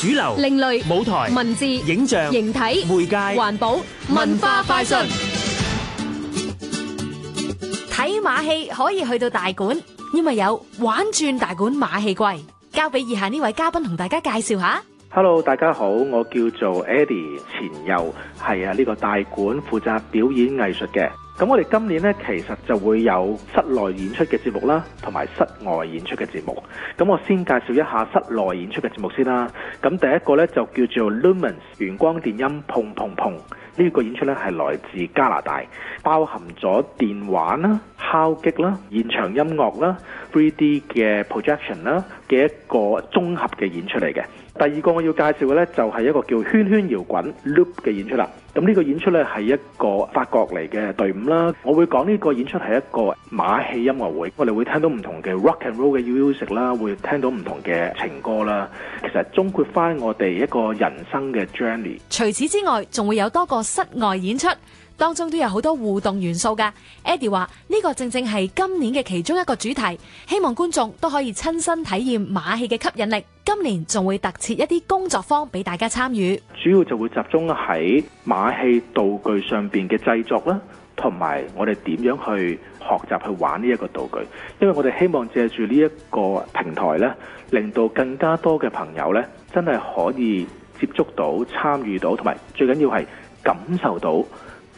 主流、另類舞台、文字、影像、形體、媒介、環保、文化、快訊。睇馬戲可以去到大館，因為有玩轉大館馬戲季。交俾以下呢位嘉賓同大家介紹下。Hello，大家好，我叫做 Eddie 前遊，係啊呢個大館負責表演藝術嘅。咁我哋今年咧，其實就會有室內演出嘅節目啦，同埋室外演出嘅節目。咁我先介紹一下室內演出嘅節目先啦。咁第一個咧就叫做 Lumens 圓光電音碰碰碰呢，這個演出咧係來自加拿大，包含咗電玩啦、敲擊啦、現場音樂啦、3D 嘅 projection 啦嘅一個綜合嘅演出嚟嘅。第二個我要介紹嘅咧就係、是、一個叫圈圈搖滾 Loop 嘅演出啦。咁呢個演出咧係一個法國嚟嘅隊伍啦，我會講呢個演出係一個馬戲音樂會，我哋會聽到唔同嘅 rock and roll 嘅 music 啦，會聽到唔同嘅情歌啦，其實總括返我哋一個人生嘅 journey。除此之外，仲會有多個室外演出。當中都有好多互動元素㗎。Eddie 話呢個正正係今年嘅其中一個主題，希望觀眾都可以親身體驗馬戲嘅吸引力。今年仲會特設一啲工作坊俾大家參與，主要就會集中喺馬戲道具上面嘅製作啦，同埋我哋點樣去學習去玩呢一個道具。因為我哋希望借住呢一個平台呢，令到更加多嘅朋友呢，真係可以接觸到、參與到，同埋最緊要係感受到。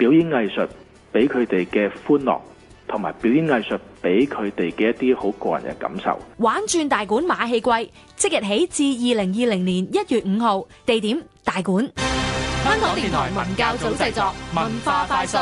表演藝術俾佢哋嘅歡樂，同埋表演藝術俾佢哋嘅一啲好個人嘅感受。玩轉大館馬戲季，即日起至二零二零年一月五號，地點大館。香港電台文教組製作文化快訊。